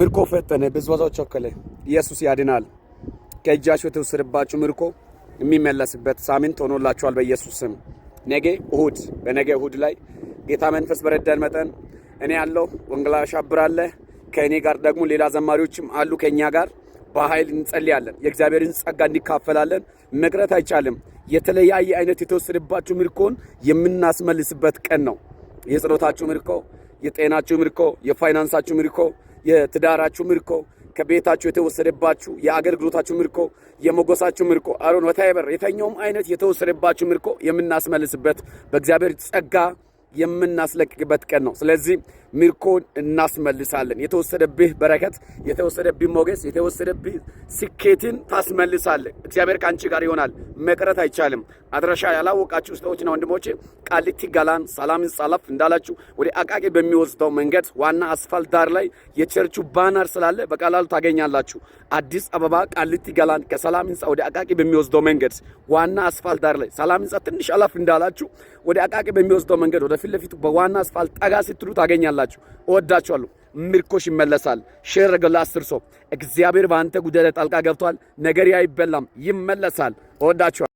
ምርኮ ፈጠነ፣ ብዝበዛው ቸኮለ። ኢየሱስ ያድናል። ከእጃችሁ የተወሰደባችሁ ምርኮ የሚመለስበት ሳምንት ሆኖላችኋል። በኢየሱስ ስም ነገ እሁድ፣ በነገ እሁድ ላይ ጌታ መንፈስ በረዳን መጠን እኔ ያለው ወንጌላ አሻብራለ ከእኔ ጋር ደግሞ ሌላ ዘማሪዎችም አሉ ከእኛ ጋር በኃይል እንጸልያለን። የእግዚአብሔርን ጸጋ እንካፈላለን መቅረት አይቻልም። የተለያየ አይነት የተወሰደባችሁ ምርኮን የምናስመልስበት ቀን ነው። የጸሎታችሁ ምርኮ፣ የጤናችሁ ምርኮ፣ የፋይናንሳችሁ ምርኮ የትዳራችሁ ምርኮ ከቤታችሁ የተወሰደባችሁ የአገልግሎታችሁ ምርኮ የመጎሳችሁ ምርኮ አሮን ወታይበር የተኛውም አይነት የተወሰደባችሁ ምርኮ የምናስመልስበት በእግዚአብሔር ጸጋ የምናስለቅቅበት ቀን ነው። ስለዚህ ምርኮን እናስመልሳለን። የተወሰደብህ በረከት፣ የተወሰደብህ ሞገስ፣ የተወሰደብህ ስኬትን ታስመልሳለን። እግዚአብሔር ከአንቺ ጋር ይሆናል። መቅረት አይቻልም። አድራሻ ያላወቃችሁ ሰዎችና ወንድሞቼ ቃሊቲ ገላን ሰላም ጻላፍ እንዳላችሁ ወደ አቃቂ በሚወስደው መንገድ ዋና አስፋልት ዳር ላይ የቸርቹ ባነር ስላለ በቀላሉ ታገኛላችሁ። አዲስ አበባ ቃሊቲ ገላን ከሰላም ህንጻ ወደ አቃቂ በሚወስደው መንገድ ዋና አስፋልት ዳር ላይ ሰላም ህንጻ ትንሽ አላፍ እንዳላችሁ ወደ አቃቂ በሚወስደው መንገድ ወደ ፊት ለፊቱ በዋና አስፋልት ጠጋ ስትሉ ታገኛላችሁ። እወዳችኋለሁ። ምርኮሽ ይመለሳል። ሼር ገላ አስር ሰው እግዚአብሔር በአንተ ጉዳይ ጣልቃ ገብቷል። ነገር ያይበላም ይመለሳል። እወዳችኋለሁ።